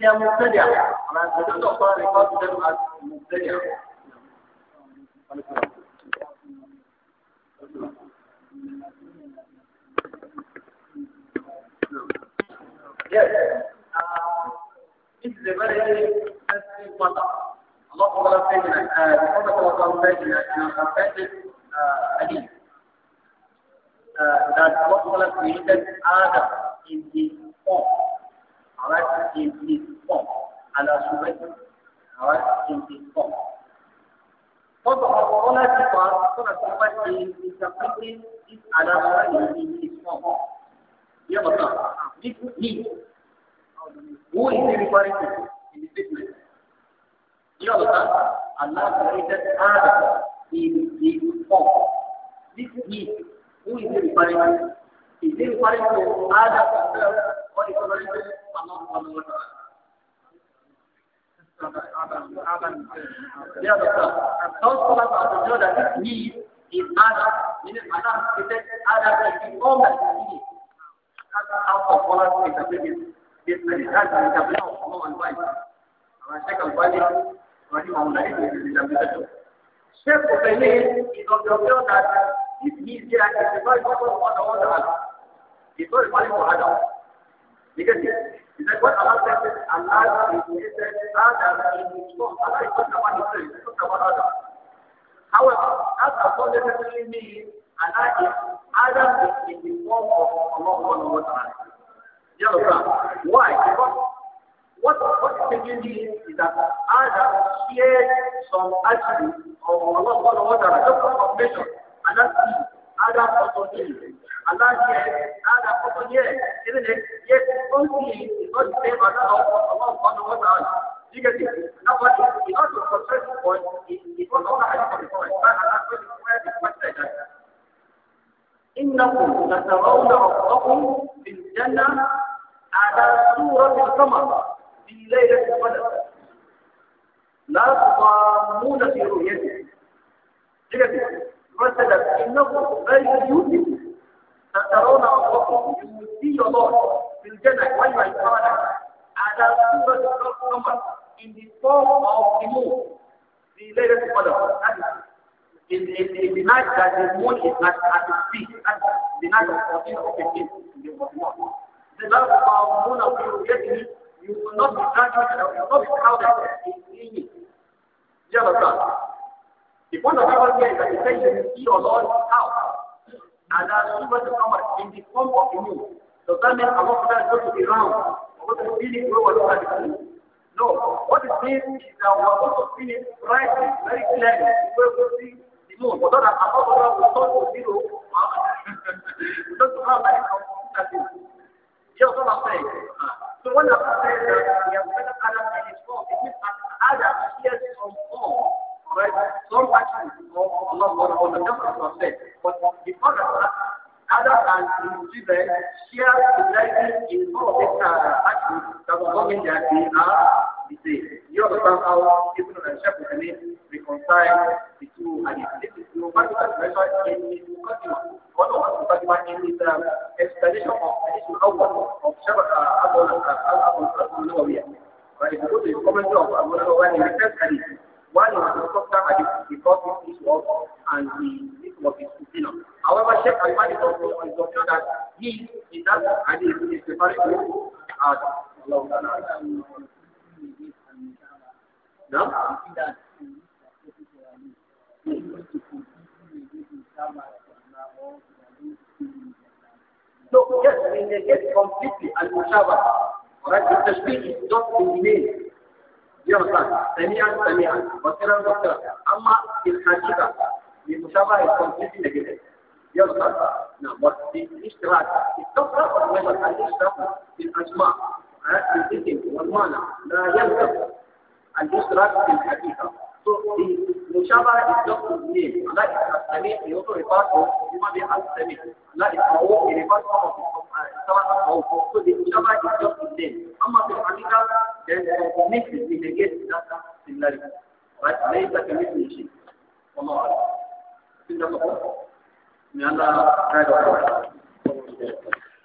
They are them as Yes. Uh, this is a very sensitive matter. Allah Ta'ala said in uh, the Prophet of Allah said in hadith uh, that Allah created Adam in his form. Alright, in his form. Allah subhanahu Alright, in his form. First of all, Allah subhanahu is interpreting this Allah subhanahu in his form. You understand? This me Who is he referring to in the statement? You now Allah created Adam in his form. This he. Who is he referring to? Is he referring to Adam himself or is he referring to yeah, and those that this need Adam, Adam Adam to. sheik very bottom Adam. You get it? He said, what Allah said is Allah created Adam in his form. Allah is talking about himself, he's talking about Adam. However, that does not necessarily mean Adam is in the form of Allah subhanahu wa ta'ala. Why? Because what can you mean? is that Adam shared some attributes of Allah subhanahu wa ta'ala, just for confirmation, and that's it. ada opportunity. Allah here, ada opportunity here, isn't it? Yes, only God save us all Allah subhanahu wa ta'ala. You get it? Now what is the other success point is it was all I had for the point. But Allah said it's إنكم لترون ربكم في الجنة على سورة القمر في ليلة القدر لا تضامون في رؤيته. مثلا إنه very beautiful سترون ربكم you will see في الجنة when you على سورة القمر in the form of the moon the latest color in, in, in the night that the moon is at, at its peak the night of 14 or 15 the the love of moon of you me. you will not be graduated you will not be crowded in the evening the point of reference here is that you says you see your Lord's house, and that he to come in the form of you, does that means Allah is going to be going to be it where we're No, what it means is that we're going to feel it brightly, very clearly, where we see the moon. But not that to zero. We don't have that in Yes, what I'm saying. So when that we have the number of But before that, other than share the blessing in all of these uh, that was not in they are the same. You understand how Ibn and Sheikh Hussein reconcile the two hadiths. This no matter measure in his mukaddimah. One of the mukaddimah in his um, explanation of hadith al of of Sheikh Abu al-Abu al-Nawawi. Right, if you go to his commentary of Abu al-Nawawi, he while he was his and his opinion. However, Sheikh Al-Mahdi also is that he, in that hadith, is to as Allah No? So, yes, we negate completely al-mushabah. Alright, the tashbih is not in the name. سميعا سميعا بصيرا بصيرا اما في الحقيقه بمشابهه كونسيبي نجد يظهر نعم والاشتراك في الكفر والاشتراك في الاسماء في الاسم والمعنى لا يلزم الاشتراك في الحقيقه المشابهة الضغط الدين لا السميع يوضع رفاته بما بأن السميع لا إسمعوه رفاته سواء أسمعوه المشابهة الضغط الدين أما في الحقيقة النار ليس كمثله شيء والله أعلم إنك قلت من الله هذا هو